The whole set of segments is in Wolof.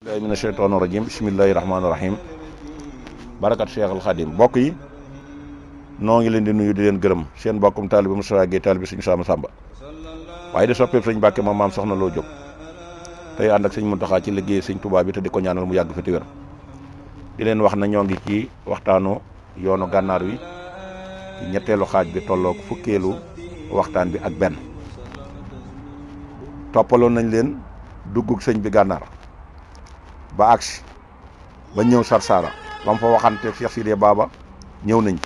billahi mina sheytaani rajim bismillahi rahmaani rahim barakat Cheikh al Khadim mbokk yi noo ngi leen di nuyu di leen gërëm seen mbokkum taalibe Moustapha Gueye taalibe Sëñ Saam Sàmba waaye di soppeeb Sëñ Mbàkke ma maam soxna loo jóg tey ànd ak Sëñ Muntaxa ci liggéey Sëñ tubaab bi te di ko ñaanal mu yàgg fi te wér di leen wax na ñoo ngi ci waxtaanu yoonu gànnaar wi ñetteelu xaaj bi tolloog fukkeelu waxtaan bi ak benn toppaloon nañ leen duggug sëñ bi gànnaar ba agsi ba ñëw Sarsara lam mu fa waxante Cheikh Sidé Baba ñëw nañ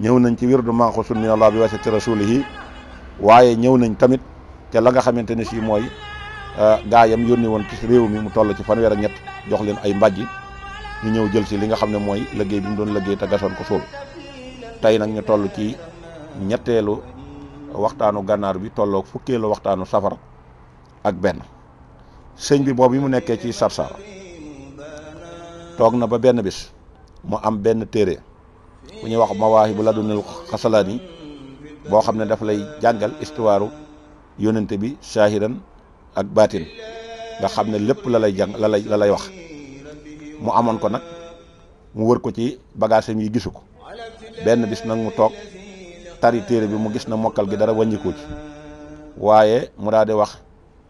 ñëw nañ ci wirdu manxusun min allah bi wasati rasulihi waaye ñëw nañ tamit ca la nga xamante ne sii mooy euh, yam yónni woon ci réew mi mu toll ci fanweer ak ñett jox leen ay mbàjji ñu ñëw jël si li nga xam ne mooy liggéey bi mu doon liggéey te gasoon ko suul tey nag ñu toll ci ñetteelu waxtaanu gànnaar bi tolloog fukkeelu waxtaanu safar ak benn sëñ bi boobu mu nekkee ci Sarsara toog na ba benn bis mu am benn téere bu ñuy wax ma waay bu la mawaahibu ladunil xasalaani boo xam ne daf lay jàngal istuwaaru yónnente bi saahiran ak baatin nga xam ne lépp la lay jàng la lay wax mu amoon ko nag mu wër ko ci bagaasam yi gisu ko benn bis nag mu toog tari téere bi mu gis na mokkal gi dara wàññikoo ci waaye mu daal di wax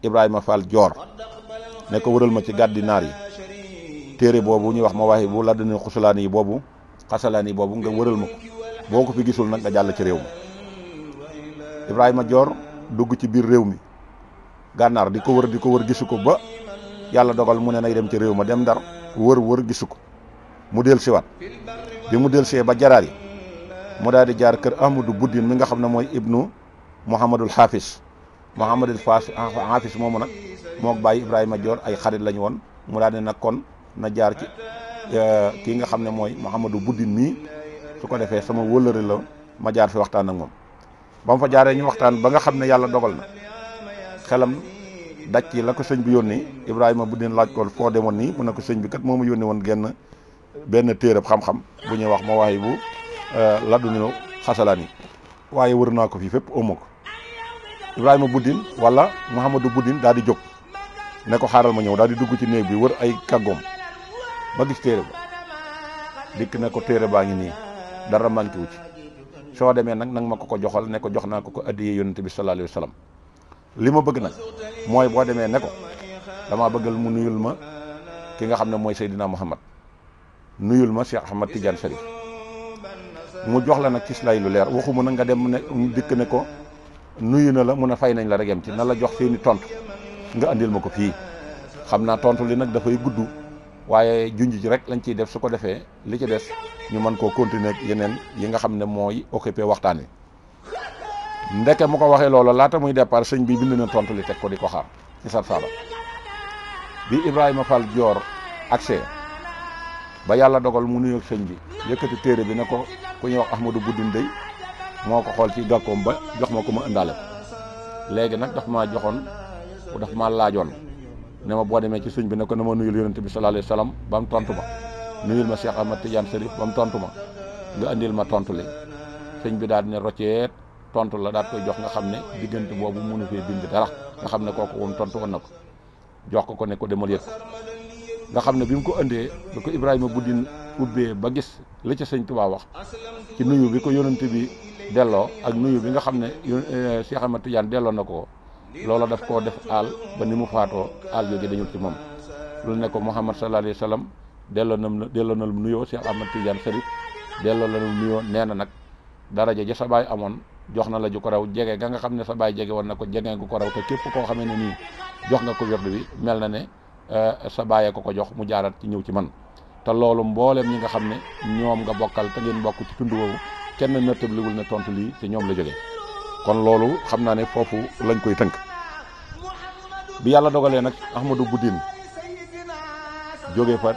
Ibrahima Fall Joor nekk wëral ma ci gàddi naar yi téere boobu ñuy wax ma Mawaahibu Ladunni Xusalaani yi boobu xasalaani yi boobu nga wëral ma ko boo ko fi gisul nag nga jàll ci réew mi Ibrahima Dior dugg ci biir réew mi gànnaar di ko wër di ko wër gisu ko ba yàlla dogal mu ne nay dem ci réew ma dem ndar wër wër gisu ko mu del siwaat bi mu del see ba jaraar yi mu daal di jaar kër Ahmadu Buddin mi nga xam ne mooy ibnu Mouhamadul Hafiz Mouhamadul Faas Hafiz moomu nag mook bàyyi Ibrahima joor ay xarit lañu woon mu daal di nag kon na jaar ci euh, kii nga xam ne mooy Mouhamadou Boudin nii su ko defee sama wëllëre la ma jaar fi waxtaan ak moom ba mu fa jaaree ñu waxtaan ba nga xam ne yàlla dogal na xelam daj ci la ko sëñ bi yónni Ibrahima Boudin laaj ko foo demoon nii mu ne ko sëñ bi kat moo ma yónni woon genn benn téerab xam-xam bu ñuy wax ma waaye bu euh, ladunil xasalaan yi waaye wër naa ko fii fépp ëmma ko Ibrahima Boudin wala Mouhamadou Boudin daal di jóg ne ko xaaral ma ñëw daal di dugg ci néeg bi wër ay kàggoom ba gis téere ba dikk na ko téere baa ngi nii dara manqué ci soo demee nag nag ma ko ko joxal ne ko jox naa ko ko addiyee yonente bi sallallahu alayhi li ma bëgg nag mooy boo demee ne ko damaa bëggal mu nuyul ma ki nga xam ne mooy Seydina Muhammad nuyul ma Cheikh Ahmad Tidiane Chérif mu jox la nag ci lu leer waxuma nag nga dem ne dikk ne ko nuyu na la mun a fay nañ la rek yam ci na la jox seeni tont nga andil ma ko fii xam naa tontu li nag dafay gudd. waaye junj ji rek lañ ciy def su ko defee li ci des ñu man koo continuer yeneen yi nga xam ne mooy occupé waxtaan wi ndeke mu ko waxee loolu laata muy départ sëñ bi bind na tontu li teg ko di ko xaar ci sar saaba bi Ibrahima Fall Dior accès ba yàlla dogal mu nuyoog sëñ bi yëkkati téere bi ne ko ku ñuy wax Ahmadou Buddin Dey moo ko xool ci gàkkoom ba jox ma ko ma indaale ko nag daf maa joxoon daf ma laajoon. ne ma boo demee ci suñ bi ne ko na ma nuyul yonent bi sallallahu alayhi wa sallam ba mu ma nuyul ma Cheikh Ahmad Tidiane Serif ba mu tontu ma nga indil ma tontu li sëñ bi daal ne rocceet tontu la daal koy jox nga xam ne diggante boobu mënu fee bind dara nga xam ne kooku woon tont woon na ko jox ko ko ne ko demal yëg nga xam ne bi mu ko indee bi ko Ibrahima Budin ubbee ba gis la ca sëñ Tuubaa wax ci nuyu bi ko yonent bi delloo ak nuyu bi nga xam ne eh, Cheikh Ahmad Tidiane delloo na ko loola daf koo def aal ba ni mu faatoo aal jooju dañul ci moom lu ne ko Muhammad sallallahu alayhi wa sallam delloo na delloo na lu nuyoo Cheikh Ahmad Tidiane Sarif delloo na lu nuyoo nee na nag daraja ja sa baay amoon jox na la ju ko rew jege ga nga xam ne sa baay jege woon na ko jege ko raw képp koo xamee nii jox nga ko wird bi mel na ne eh, sa baay ko ko jox mu jaarat ci ñëw ci man te loolu mbooleem ñi nga xam ne ñoom nga bokkal te ngeen bokk ci tund woowu kenn nattab liwul ne tontu lii te ñoom la jógee kon loolu xam naa ne foofu lañ koy tënk bi yàlla dogalee nag Ahmadou Boudine jóge fa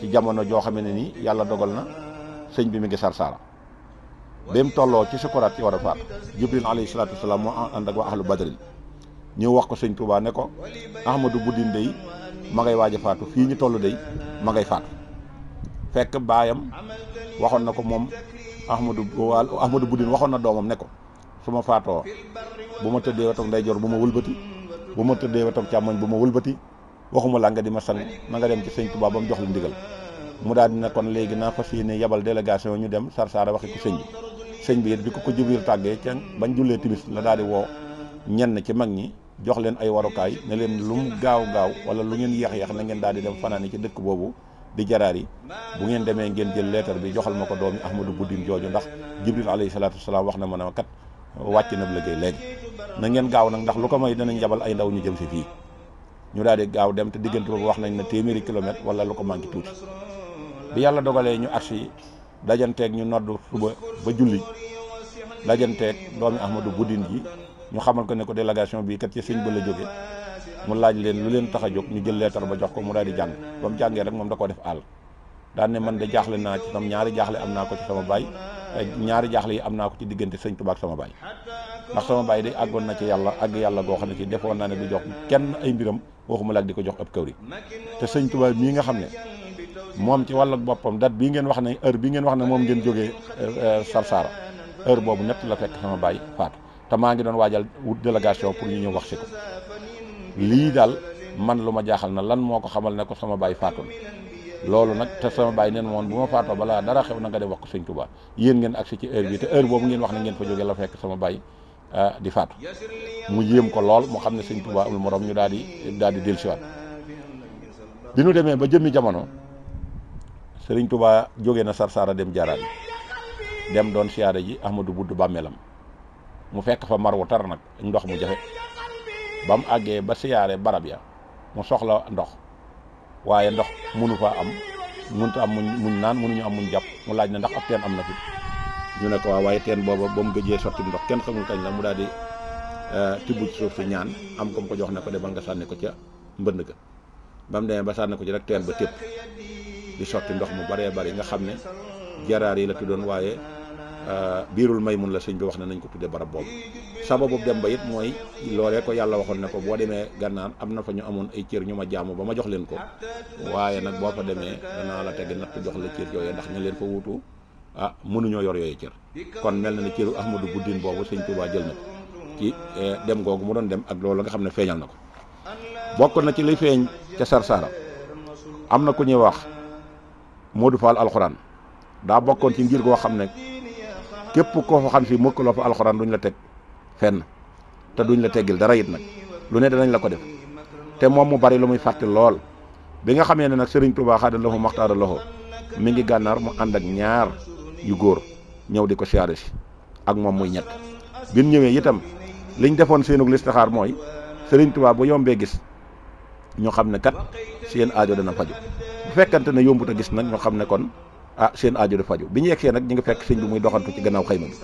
ci jamono joo xam ne nii yàlla dogal na sëñ bi mi ngi sarsaara ba mu tolloo ci sukuraat ci war a faat Jibril alayhi salaatu wa salaam moo ànd ak waa ahlu badrin ñu wax ko sëñ Touba ne ko Ahmadou Boudine day ma ngay waaj a faatu fii ñu toll day ma ngay faatu fekk baayam waxoon na ko moom Ahmadou Ahmadou Boudine waxoon na doomam ne ko su ma faatoo bu ma tëddee nday ndeyjoor bu ma wëlbati. bu ma tëddee ba toog càmmoñ bu ma wëlbati waxuma la nga di ma sang ma nga dem ci sëñ Tuubaa ba mu jox la ndigal mu daal dina kon léegi naa fas yéene yabal délégation ñu dem Sarsara waxi ko sëñ bi sëñ bi it bi ko ko Jibril tàggee ca bañ jullee timis la daal di woo ñenn ci mag ñi jox leen ay warukaay ne leen lu mu gaaw gaaw wala lu ngeen yeex-yeex na ngeen daal di dem fanaani ci dëkk boobu di jaraar yi bu ngeen demee ngeen jël leetar bi joxal ma ko doomi Ahmadou Buddin jooju ndax Jibril alayhi salaatu wasalaam wax na ma ne kat wàcc na bu liggéey léegi na ngeen gaaw nag ndax lu ko may danañ yabal ay ndaw ñu jëm fi fii ñu daal di gaaw dem te diggante boobu wax nañ ne téeméeri kilomètre wala lu ko manqué tuuti bi yàlla dogalee ñu arsi dajanteeg ñu noddu suba ba julli dajanteeg doomi Ahmadou Boudin ji ñu xamal ko ne ko délégation bii kat ci sëñ ba la jóge mu laaj leen lu leen tax a jóg ñu jël leetar ba jox ko mu daal di jàng ba mu jàngee rek moom da koo def àll daan ne man de jaaxle naa ci sama ñaari jaaxle am naa ko ci sama baay eh, ñaari jaaxle yi am naa ko ci diggante sëñ Tuubaa sama baay ndax sama baay de àggoon na ci yàlla àgg yàlla goo xam ne ci defoon naa ne du jox kenn ay mbiram waxuma la di ko jox ab kawri te sëñ Tuubaa mii nga xam ne moom ci wàllu boppam date bii ngeen wax ne heure bii ngeen wax ne moom ngeen jógee eh, Sarsara heure boobu ñett la fekk sama baay faatu te maa ngi doon waajal wut délégation pour ñu ñëw wax si ko lii daal man lu ma jaaxal na lan moo ko xamal ne ko sama baay faatu loolu nag te sama bàyyi neen moon bu ma faatoo balaa dara xew na nga dem wax ko sëñ Tuubaa yéen ngeen agsi ci heure bi te heure boobu ngeen wax ne ngeen fa jóge la fekk sama bàyyi ah, di faatu mu yéem ko lool mu xam ne sëñ Tuubaa amul morom ñu daal di daal di dellusiwaat bi nu demee ba jëmmi jamono sëriñ Tuubaa jóge na Sarsara dem Jaaraan dem doon siyaare ji Ahmadou Budd bàmmeelam mu fekk fa mar wu nag ndox mu jafe ba àggee ba siyaare barab ya mu soxla ndox waaye ndox munu faa am mënut am muñ muñ naan munuñu am muñ jàpp mu laaj na ndax ab teen am na fi ñu ne ko waaw waaye teen booba ba mu gëjee sotti ndox kenn xamul kañ la mu daa di euh, tibb ci suuf si ñaan am ko mu ko jox na ko demal nga sànni ko ca mbënd ga ba mu demee ba sànni ko ci rek teen ba tépp di sotti ndox mu baree bari nga xam ne jaraar yi la tuddoon waaye Euh, biirul maymun la sëñ bi wax ne nañ ko tudde barab boobu sababu dem ba it mooy loolee ko yàlla waxoon ne ko boo demee gànnaar am na fa ñu amoon ay cër ñu ma jaamu ba ma jox leen ko waaye nag boo fa demee danaa la teg natt jox la cër yooyu ndax ñu leen fa wutu ah mënuñoo yor yooyu cër kon mel na ne cëru ahmadu buddin boobu sëñ Tuubaa jël na ko ci eh, dem googu mu doon dem ak loolu nga xam ne feeñal na ko bokkoon na ci li feeñ ca Sarsara am na ku ñuy wax Modou Fall alxuraan daa bokkoon ci ngir goo xam ne képp koo fa xam si mokkaloo fa alxuraan duñ la teg fenn te duñ la teggil dara it nag lu ne danañ la ko def te moom mu bari lu muy fàtte lool bi nga xamee ne nag Serigne Touba xaada loxo maxtaara loxo mi ngi gànnaar mu ànd ak ñaar yu góor ñëw di ko siyaare si ak moom muy ñett bi mu ñëwee itam liñ defoon seenug listixaar mooy Serigne Touba bu yombee gis ñu xam ne kat seen aajo dana faju bu fekkante ne yombut a gis nag ñu xam ne kon ah seen aajo di faju bi ñu yegsee nag ñu ngi fekk sëñ bi muy doxantu ci gannaaw xayma bi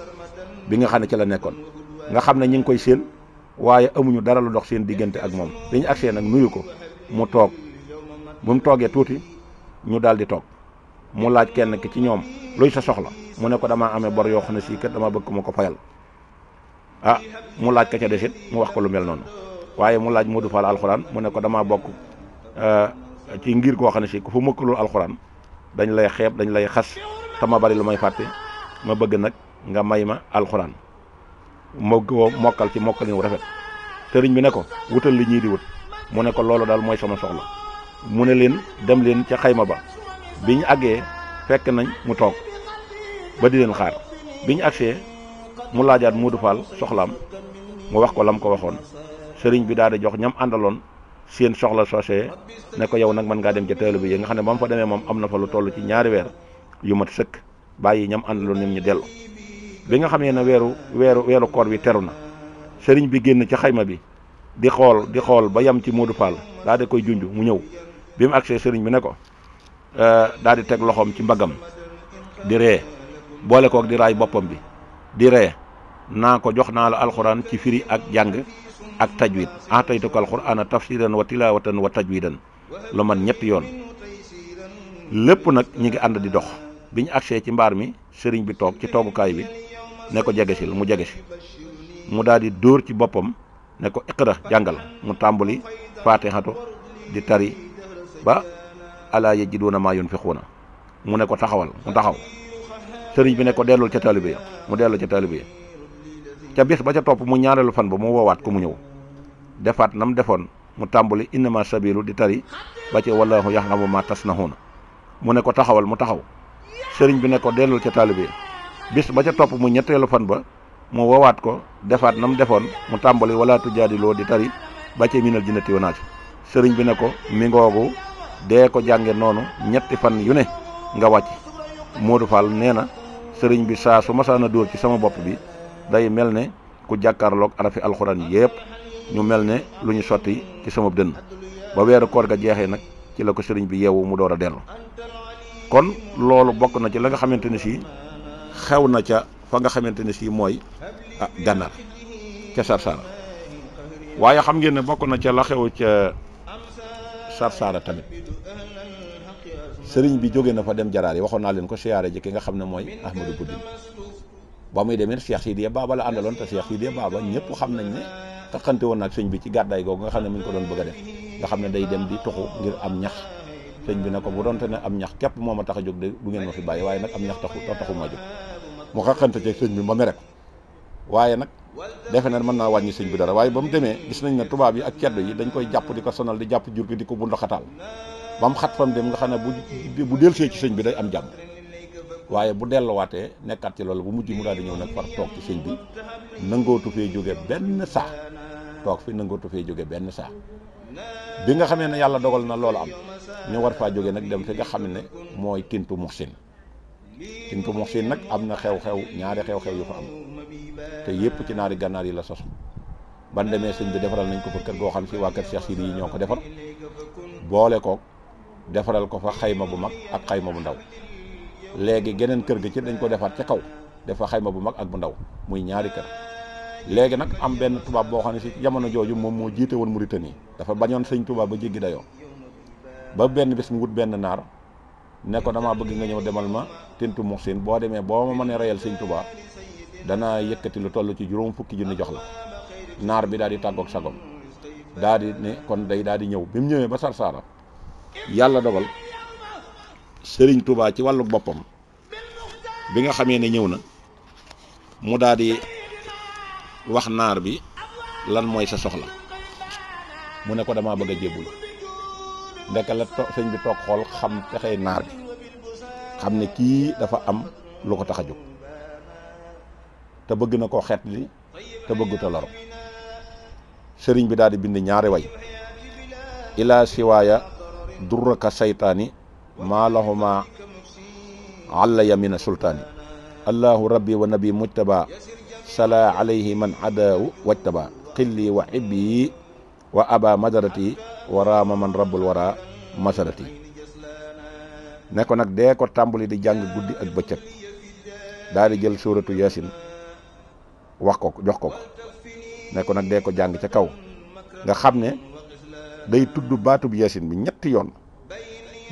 bi nga xam ne ci la nekkoon nga xam ne ñu ngi koy séen waaye amuñu dara lu dox seen diggante ak moom bi ñu agsee nag nuyu ko mu toog bu mu toogee tuuti ñu daal di toog mu laaj kenn ki ci ñoom luy sa soxla mu ne ko damaa amee bor yoo xam ne sii kat dama bëgg ma ko fayal ah mu laaj ka ca desit mu wax ko lu mel noonu waaye mu laaj Modou Fall alxuraan mu ne ko damaa bokk eh, ci ngir koo xam ne si ku fa mëkkalul dañ lay xeeb dañ lay xas sama ma bari lu may fàtte ma bëgg nag nga may ma alxuraan moo ko mokkal ci mokkalin wu rafet sëriñ bi ne ko wutal li ñii di wut mu ne ko loolu daal mooy sama soxla mu ne leen dem leen ca xayma ba bi ñu àggee fekk nañ mu toog ba di leen xaar bi ñu agsee mu laajaat Moodu Fall soxlaam mu wax ko lam ko waxoon sëriñ bi daal di jox ñam àndaloon seen soxla sosé ne ko yow nag mën ngaa dem ca teelu bi yi nga xam ne bam mu fa demee moom am na fa lu toll ci ñaari weer yu mat sëkk bàyyi ñam àndaloon ñoom ñu dellu bi nga xamee ne weeru weeru weeru koor bi teru na sëriñ bi génn ci xayma bi di xool di xool ba yam ci Modou Fall daal di koy junj mu ñëw bi mu agsee sëriñ bi ne ko euh, daal di teg loxoom ci mbaggam di ree boole kook di raay boppam bi di ree naa ko jox naa la alxuraan ci firi ak jàng ak taj tajwid ataytuka alqur'ana tafsiran wa tilawatan wa taj tajwidan lu man ñetti yoon lépp nag ñu ngi ànd di dox bi ñu agsee ci mbaar mi sëriñ bi toog ci toogukaay bi ne ko jege si mu jege si mu daal di dóor ci boppam ne ko iqra jàngal mu tàmbali faatihatu di tari ba alaa yajiduuna maa yunfiquuna mu ne ko taxawal mu taxaw sëriñ bi ne ko dellul ca taalibe ya mu dellu ca taalibe ya ca bis ba ca topp mu ñaareelu fan ba mu woowaat ko mu ñëw defaat nam defoon mu tàmbali innama sabilu di tari ba ci wallahu yaxlamu ma tasnahuuna mu ne ko taxawal mu taxaw sëriñ bi ne ko dellul ca taalibe bis ba ca topp mu ñetteelu fan ba mu wowaat ko defaat nam defoon mu tàmbali wala tujaadiloo di tari ba ci minal jinnati ci sëriñ bi ne ko mi ngoogu dee ko jànge noonu ñetti fan yu ne nga wàcc Modou nee na sëriñ bi saa su masaana dóor ci sama bopp bi day mel ne ku jàkkaarloog arafi alxuraan yépp ñu mel ne lu ñu sotti ci sama dënn ba weeru koor ga jeexee nag ci la ko sëriñ bi yeewu mu door a dellu kon loolu bokk na ci la nga xamante ne sii xew na ca fa nga xamante ne sii mooy ah gànnaar ca Sarsara waaye xam ngeen ne bokk na ca la xew ca Sarsara tamit sëriñ bi jóge na fa dem jaraar yi waxoon naa leen ko siyaare ji nga xam ne mooy Ahmadou Boudin ba muy demee Cheikh Sidiya Baba la àndaloon te Cheikh Sidiya Baba ñëpp xam nañ ne. taxante woon naag sëñ bi ci gàddaay googu nga xam ne mi ngi ko doon bëgg a def nga xam ne day dem di tuxu ngir am ñax sëñ bi na ko bu doonte ne am ñax képp moo ma tax a jóg de du ngeen ma fi bàyyi waaye nag am ñax taxu taxu ma jóg mu xaqante ci sëñ bi ma mere ko waaye nag defe na mën naa wàññi sëñ bi dara waaye ba mu demee gis nañ ne tubaab yi ak ceddo yi dañ koy jàpp di ko sonal di jàpp jur gi di ko bu ndoxataal ba mu xat fam dem nga xam ne bu bu delsee ci sëñ bi day am jàmm waaye bu delluwaatee nekkaat ci loolu bu mujj mu daal ñëw nag far toog ci sëñ bi nangootu fee jóge benn saa toog fi nangootu fee jóge benn saa bi nga xamee ne yàlla dogal na loolu am ñu war faa jóge nag dem fi nga xam ne mooy tintu muxsin tintu muxsin nag am na xew-xew ñaari xew-xew yu fa am te yépp ci naari gànnaar yi la sosu ban demee sëñ bi defaral nañ ko fa kër goo xam si waa kër Cheikh Sidi yi ñoo ko defar boole ko defaral ko fa xayma bu mag ak xayma bu ndaw léegi geneen kër gi ci dañ ko defar ca kaw dafa xayma bu mag ak bu ndaw muy ñaari kër léegi nag am benn tubaab boo xam ne si jamono jooju moom moo jiite woon mu Mauritanie dafa bañoon sëñ tubaab ba jéggi dayoo ba benn bis mu wut benn naar ne ko damaa bëgg nga ñëw demal ma tintu muxsin boo demee boo ma mënee reyal sëñ tubaab danaa yëkkati lu toll ci juróom fukki junni jox la naar bi daal di tàggoog sagom daal di ne kon day daal di ñëw bi mu ñëwee ba Sarsara yàlla dogal sëriñ tubaa ci wàllu boppam bi nga xamee ne ñëw na mu daal wax naar bi lan mooy sa soxla mu ne ko dama bëgg a jébbul ndeke la sëñ bi toog xool xam pexey naar bi xam ne kii dafa am lu ko tax a jóg te bëgg na ko xeet ni te bëgguta loro sëriñ bi daal di bind ñaari way ilaa siwaaya durraka saytaani maa lahuma alla yamina sultaani allahu rabbi wa nabi mujtaba sala alayhi man adawu wajtaba xilli wa xibbi wa aba madarati waraama man rabbul wara masarati ne ko nag dee ko tàmbali di jàng guddi ak bëccëg daal di jël suuratu yaasin wax ko jox ko ko nekkoon ko nag dee ko jàng ca kaw nga xam ne day tudd baatub yaasin bi ñetti yoon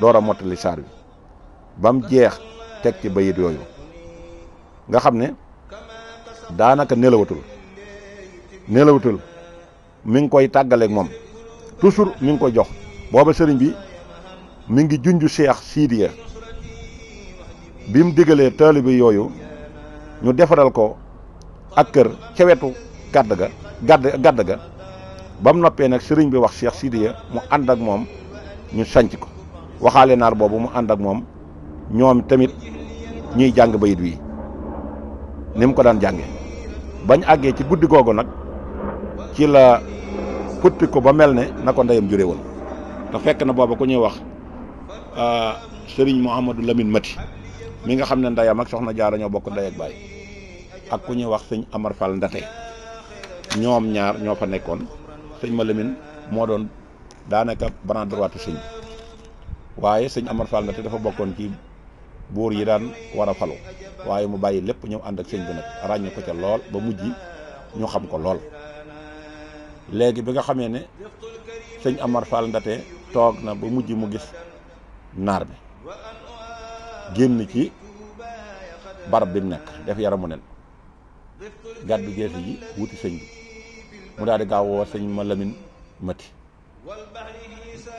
door a mottali saar bi bam jeex teg ci bayit yooyu nga xam ne daanaka nelawatul nelawatul mi ngi koy tàggaleeg moom toujours mi ngi koy jox booba sëriñ bi mi ngi junj Cheikh Sidiya bi mu digalee taalibe yooyu ñu defaral ko ak kër ca wetu gàdd ga gàdd ga ba mu noppee nag sëriñ bi wax Cheikh Sidiya mu ànd ak moom ñu sanc ko waxaale naar boobu mu ànd ak moom ñoom tamit ñuy jàng bayit wi ni mu ko daan jànge bañ àggee ci guddi googu nag ci la putpi ko ba mel ne na ko ndeyam jure woon te fekk na booba ku ñuy wax euh, sëriñ Mouhamadou Lamine Mati mi nga xam ne ndeyam ak soxna jaara ñoo bokk ndey ak baay ak ku ñuy wax sëñ Amar Fall Ndate ñoom ñaar ñoo fa nekkoon sëñ ma Lamine moo doon daanaka bras droit sëñ bi waaye sëñ Amar Fall Ndate dafa bokkoon ci buur yi daan war a falu waaye mu bàyyi lépp ñëw ànd ak sëñ bi nag ràññee ko ca lool ba mujj ñu xam ko lool léegi bi nga xamee ne sëñ Amar Fall Ndate toog na ba mujj mu gis naar bi génn ci barab bi mu nekk def yaramu nen gàddu gees yi wuti sëñ bi mu daal di gaaw woo sëñ ma Lamin Mati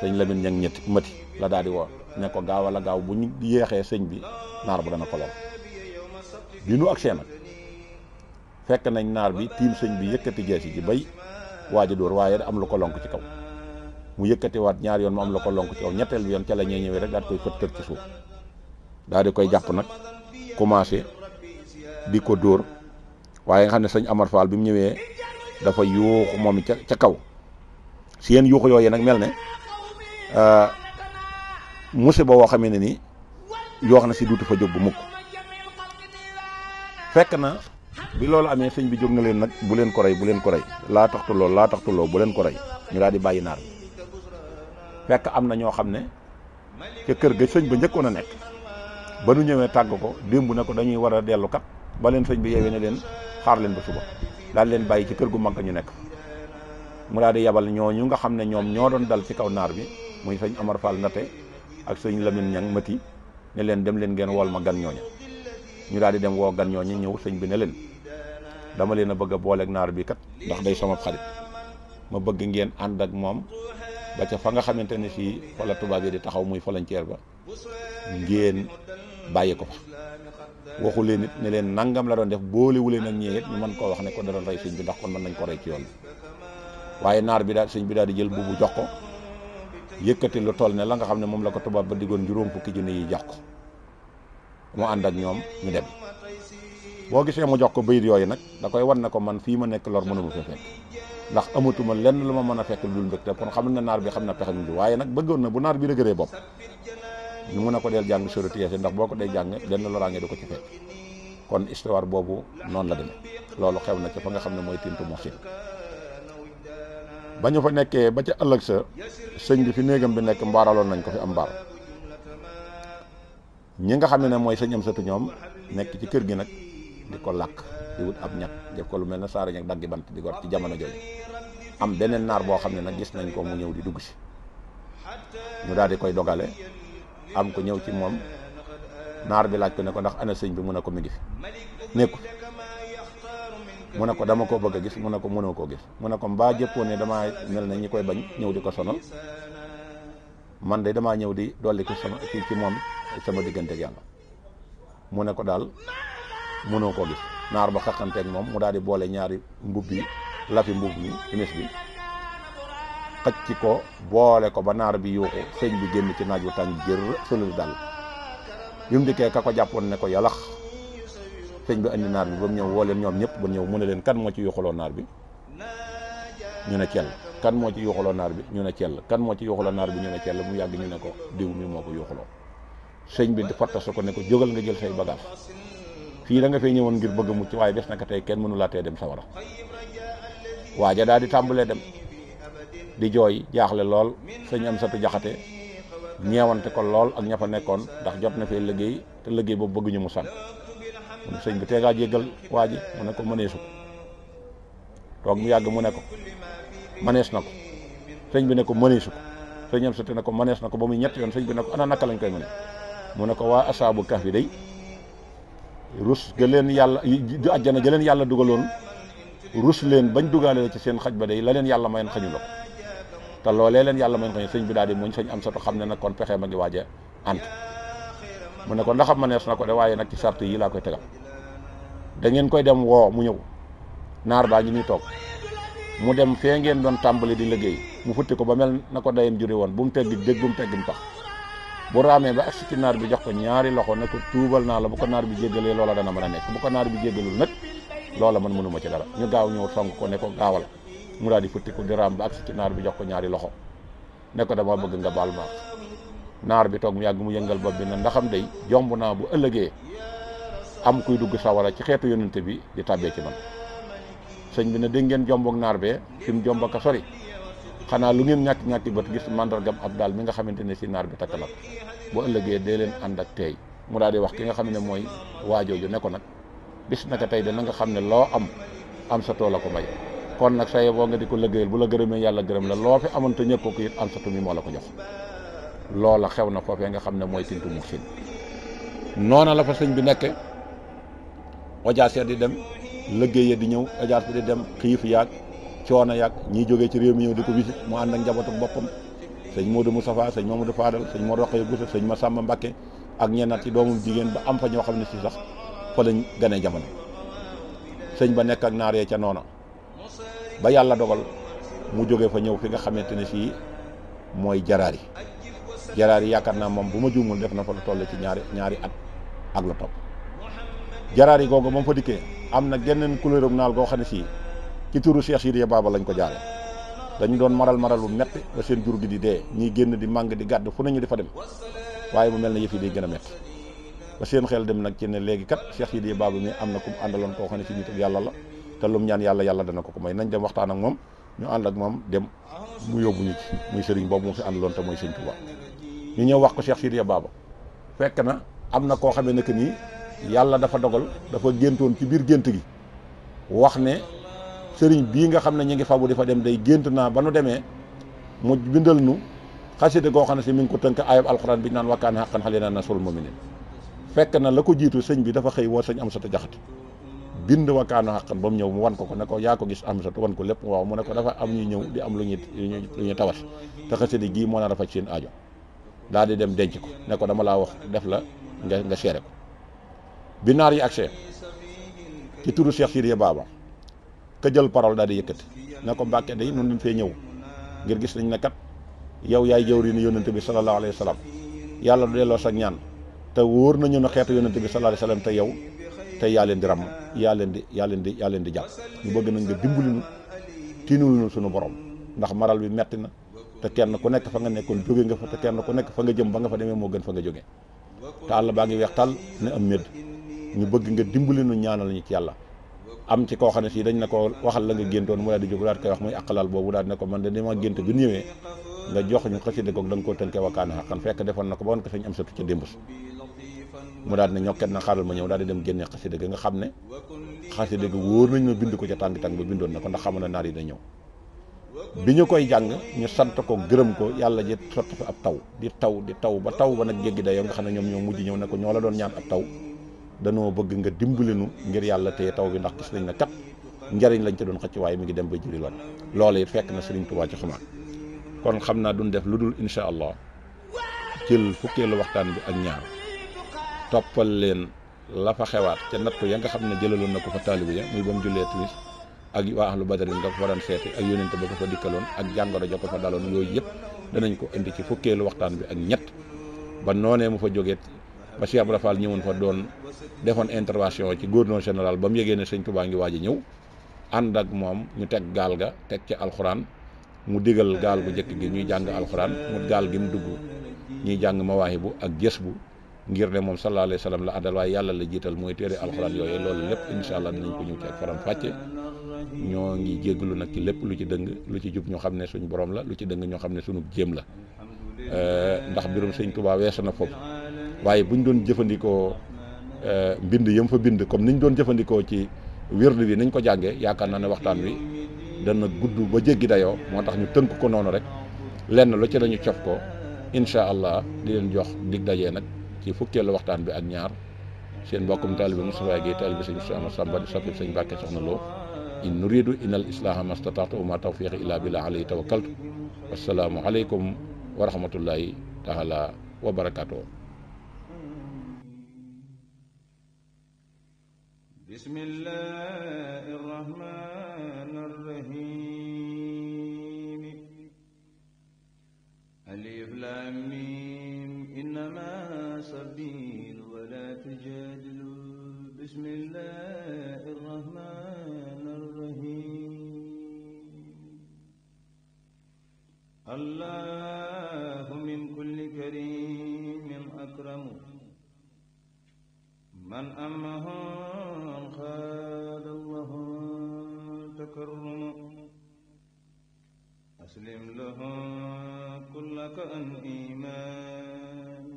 sëñ la ña ngi ñetti mati la daal di woo ne ko gaaw wala gaaw bu ñu yeexee sëñ bi naar bu dana ko lool bi nu agsee nag fekk nañ naar bi tiim sëñ bi yëkkati geesi ji bay waaj a dóor waaye am lu ko lonk ci kaw mu waat ñaar yoon mu am lu ko lonk ci kaw ñetteel yoon ca la ñuy ñëwee rek daal di koy fët tër ci suuf daal di koy jàpp nag commencé di ko dóor waaye nga xam ne sëñ Amar Fall bi mu ñëwee dafa yuuxu moom ca ca kaw. si yéen yuuxu yooyu nag mel ne euh, musiba woo xamee ni yoox na si duutu fa jóg bu mukk fekk na bi loolu amee sëñ bi jóg na leen nag bu leen ko rey bu leen ko rey laa taxtu lool laa taxtu lool bu leen ko rey ñu daal di bàyyi naar fekk am na ñoo xam ne ca kër ga sëñ ba njëkkoon a nekk ba nu ñëwee tàgg ko démb na ko dañuy war a dellu kat ba leen sëñ bi yeewee ne leen xaar leen ba suba daal leen bàyyi ci kër gu mag ñu nekk mu daal di yabal ñu nga xam ne ñoom ñoo doon dal ci kaw naar bi muy sëñ Amar Fall Ndate ak sëñ Lamine Ñang Mati ne leen dem leen ngeen wol ma gan ñooña ñu daal di dem woo gan ñooña ñëw sëñ bi ne leen dama leen a bëgg a booleeg naar bi kat ndax day sama xarit ma bëgg ngeen ànd ak moom ba ca fa nga xamante ne fii fa la tubaab yi di taxaw muy falañceer ba ngeen bàyyi ko fa waxu leen it ne leen nangam la doon def boolewu leen ak ñee it ñu mën koo wax ne ko dara rey sëñ bi ndax ko rey ci yoon waaye naar bi daal sëñ bi daal di jël buubu jox ko yëkkati lu tool ne la nga xam ne moom la ko tubaab ba diggoon juróom fukki junni yi jox ko mu ànd ak ñoom ñu dem boo gisee mu jox ko bayit yooyu nag da koy wan ne ko man fii ma nekk lor mënu ma fa fekk ndax amatuma lenn lu ma mën a fekk lu dul mbégte kon xam na naar bi xam na pexe mu waaye nag bëggoon na bu naar bi dëgëree bopp ñu mun a ko del jàng surati Yaasin ndax boo ko dee jàng lenn loraange du ko ci fekk kon histoire boobu noonu la demee loolu xew na ci fa nga xam ne mooy Tintu Moxsin ba ñu fa nekkee ba ca ëllëg sa sëñ bi fi néegam bi nekk mbaaraloon nañ ko fi am mbaar ñi nga xam ne ne mooy sëñ am satu ñoom nekk ci kër gi nag di ko làkk di wut ab ñag def ko lu mel na saara ñag daggi bant di gor ci jamono jooju am beneen naar boo xam ne nag gis nañ ko mu ñëw di dugg si mu daal di koy dogale am ko ñëw ci moom naar bi laaj ko ne ko ndax ana sëñ bi mu ne ko mi ngi fi nekku mu ne ko dama ko bëgg a gis mu ne ko mënoo koo gis mu ne ko mbaa jëppoo ne damaa mel na ñi koy bañ ñëw di ko sonal man de damaa ñëw di dolli ko sama ci moom sama diggante yàlla mu ne ko daal mënoo ko gis naar ba xaqanteeg moom mu daal di boole ñaari mbub bi lafi mbub mi imis bi xëcc ko boole ko ba naar bi yuuxu sëñ bi génn ci naaj wu tàng jër sëlul dal bi mu ko jàppoon ne ko yalax sëñ bi andi naar bi ba mu ñëw woo leen ñoom ñëpp ba ñëw mu ne leen kan moo ci yuuxaloo naar bi ñu ne cell kan moo ci yuuxaloo naar bi ñu ne cell kan moo ci yuuxaloo naar bi ñu ne cell mu yàgg ñu ne ko diw mi moo ko yuuxaloo sëñ bi fattasa ko ne ko jógal nga jël say bagage fii da nga fay ñëwoon ngir bëgg mu ci waaye bés naka tey kenn mënu laa tee dem sawara waaja daal di tàmbalee dem di jooy jaaxle lool sëñ am satu jaxate ñeewante ko lool ak ña fa nekkoon ndax jot na fee liggéey te liggéey boobu bëgguñu mu san sëñ bi teegaa jéggal waa ji mu ne ko mënee ko toog mu yàgg mu ne ko mënees na ko sëñ bi ne ko mëneesu ko sëñ am sati ne ko mënees na ko ba muy ñett yoon sëñ bi ne ko ana naka lañ koy mëne mu ne ko waa asaabu kaf yi day rus ga leen yàlla ajjana ga leen yàlla dugaloon rus leen bañ dugaale ci seen xaj ba day la leen yàlla mayoon xañu la ko te loolee leen yàlla mayoon xañu sëñ bi daal di muñ sëñ am satu xam ne na koon pexee ma ngi waaje ant mu ne ko ndaxam mënees na ko de waaye nag ci charte yi laa koy tegal da koy dem woo mu ñëw naar baa ngi nii toog mu dem fee ngeen doon tàmbali di liggéey mu futti ko ba mel na ko dayem juri woon bu mu teggi dég bu mu teggim tax bu raamee ba agsi ci naar bi jox ko ñaari loxo ne ko tuubal naa la bu ko naar bi jéggalee loola dana mën a nekk bu ko naar bi jéggalul nag loola man mënuma ci dara ñu gaaw ñëw song ko ne ko mu daal di futti ko di raam ba bi jox ko ñaari loxo ne ko dama bëgg nga baal ma naar bi toog mu yàgg mu yëngal bopp bi na ndaxam day jomb naa bu ëllëgee am kuy dugg sawara ci xeetu yonent bi di tàbbee ci man sëñ bi na dégg ngeen jombook naar bee fi mu jomb ak a sori xanaa lu ngeen ñàkk ñàkki bët gis mandargam ab daal mi nga xamante ne si naar bi takk na ko bu ëllëgee dee leen ànd ak tey mu daal di wax ki nga xam ne mooy waajoo ju ne ko nag bis naka tey dana nga xam ne loo am am sa tool la ko may kon nag saye boo nga di k lëggéeyal bu la gërëmee yàlla gërëm la loo fi amoon te sa tu la ko jox loola xew na foofee nga xam ne mooy tintu mu xin noona la fa sëñ bi nekke audience ya di dem liggéey ya di ñëw audience bi di dem xiif yaag coono yaag ñiy jóge ci réew mi ñëw di ko visite mu ànd ak njabootu boppam sëñ Modou Moustapha sëñ Mamadou Fadal sëñ Mor Rokhaya Bousso sëñ Massamba Mbacké ak ñenn yi doomu jigéen ba am fa ñoo xam ne si sax fa lañ gane jamono sëñ ba nekk ak naar ya ca noona ba yàlla dogal mu jóge fa ñëw fi nga xamante ne fii mooy jaraar jaraar yi yaakaar naa moom bu ma juumul def na fa lu toll ci ñaari ñaari at ak la topp jaraar yi googu moom mu fa dikkee am na geneen couleur naal goo xam ne sii ci turu Cheikh Sidiya Baba lañ ko jaare dañu doon maral maralu metti ba seen di dee ñuy génn di màng di gàdd fu nañu di fa dem waaye mu mel ne yëf yi gën a metti seen xel dem nag ci léegi kat Cheikh Sidiya Baba mi am na ku àndaloon koo xam ne si nit ak yàlla la te lum ñaan yàlla yàlla dana ko ko may nañ dem waxtaan ak moom ñu ànd ak moom dem mu yóbbu ñu ci muy boobu mu fi àndaloon te mooy sëriñ Tuubaa ñu ñëw wax ko Cheikh Sidiya Baba fekk na am na koo xamee ne que nii yàlla dafa dogal dafa géntoon ci biir gént gi wax ne sëriñ bii nga xam ne ñu ngi fabu di fa dem day gént naa ba nu demee mu bindal nu xasida goo xam ne si mi ngi ko tënk ayab alxuraan bi ñu naan wakkaan xaqan xale naa nasrul muminin fekk na la ko jiitu sëñ bi dafa xëy woo sëñ Amsatu Jaxate bind wakkaano xaqan ba mu ñëw mu wan ko ko ne ko yaa ko gis Amsatu wan ko lépp waaw mu ne ko dafa am ñuy ñëw di am lu moo a faj seen aajo daal di dem denc ko ne ko dama laa wax def la nga nga seere ko bi naar yi accès ci turu Cheikh Sidiya Baba ka jël parole daal di yëkkati ne ko Mbàkke day noonu lañ fee ñëw ngir gis nañ ne kat yow yaay jëwriñ yonent bi sallallahu alayhi wa sallam yàlla du delloo sa ñaan te wóor nañu ne xeetu yonent bi sallallahu alayhi wa te yow te yaa leen di ràmm yaa leen di yaa leen di yaa di jàpp ñu bëgg nañ nga dimbali ñu tiinul ñu sunu borom ndax maral bi metti na. te kenn ku nekk fa nga nekkoon jóge nga kenn ku nekk nga jëm ba nga fa demee moo gën fa nga jóge te àll baa ngi weex tàll ne am medd ñu bëgg nga dimbali nu ñaanal ñu ci yàlla am ci koo xam ne si dañ ne ko waxal la nga géntoon mu daal di jóg daal boobu daal ne ko man de dama gént bi ñëwee koo tënkee wakkaane xaqan fekk defoon na ko ba woon ko sañ am satu ca na xaaral ma ñëw daal di dem génne xasida ga nga xam ne xasida ga wóor nañ ma bind ko ca tàng tàng ba bindoon na ko ndax xamoon na naar yi da ñëw bi ñu koy jàng ñu sant ko gërëm ko yàlla ji sotti fi ab taw di taw di taw ba taw ba nag jéggi dayoo nga xam ne ñoom ñoo mujj ñëw ne ko ñoo la doon ñaan ab taw danoo bëgg nga dimbali nu ngir yàlla téye taw bi ndax gis nañ ne kat njariñ lañ ci doon xëcc waaye mu ngi dem ba juri loon loola it fekk na Sëriñ Tuubaa ci xumaan kon xam naa duñ def lu dul incha allah jël fukkeelu waxtaan bi ak ñaar toppal leen la fa xewaat ca nattu ya nga xam ne jëlaloon na ko fa taalibu ya muy ba mu ak waa lu badrin nga ko fa daan seeti ak yónente ko fa dikkaloon ak jàngoro ja ko fa daloon yooyu yëpp danañ ko indi ci fukkeelu waxtaan bi ak ñett ba noonee mu fa jógee ba Cheikh Ibra Fall ñëwoon fa doon defoon intervention ci góor gouverneur général ba mu yegee ne sëñ Tuubaa ngi waaj a ñëw ànd ak moom ñu teg gaal ga teg ci alxuraan mu digal gaal gu njëkk gi ñuy jàng alxuraan mu gaal gi mu dugg ñuy jàng ma bu ak gës bu ngir ne moom sallallahu alayhi wa sallam la àndal yàlla la jiital mooy téere alxuraan yooyu loolu lépp incha allah dinañ ko ñëw ci ak faram fàcce ñoo ngi jégalu nag ci lépp lu ci dëng lu ci jub ñoo xam ne suñu boroom la lu ci dëng ñoo xam ne suñu jéem la eh, ndax mbirum sëñ Tuubaa weesu na foofu waaye bu ñu doon jëfandikoo eh, mbind yëm fa bind comme ni ñu doon jëfandikoo ci wérdu bi nañ ko jàngee yaakaar naa ne waxtaan wi dana gudd ba jéggi dayoo moo tax ñu tënk ko noonu rek lenn lu ci lañu cof ko incha allah di leen jox dig dajee nag ci fukkeelu waxtaan bi ak ñaar seen mbokkum taalibe Moustapha Guèye taalibe sëñ Samba di soppi sëñ Mbàkke Soxna Lo in nuridu illa al islaha mastataatu wa ma tawfiqi illa billah alayhi tawakkaltu wassalaamu aleykum wa rahmatullahi taala wa barakatuh bismillahi rahmani rahim alif lam mim innama sabil wala tujadilu bismillah الله من كل كريم أكرم من أمه خاد الله تكرم أسلم له كل كأن إيمان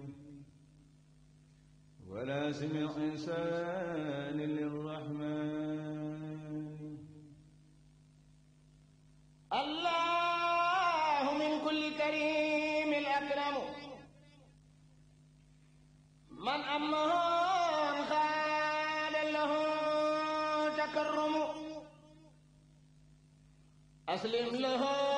ولا سمع إنسان للرحمن الله الكريم الأكرم من أمهم خال له تكرم أسلم له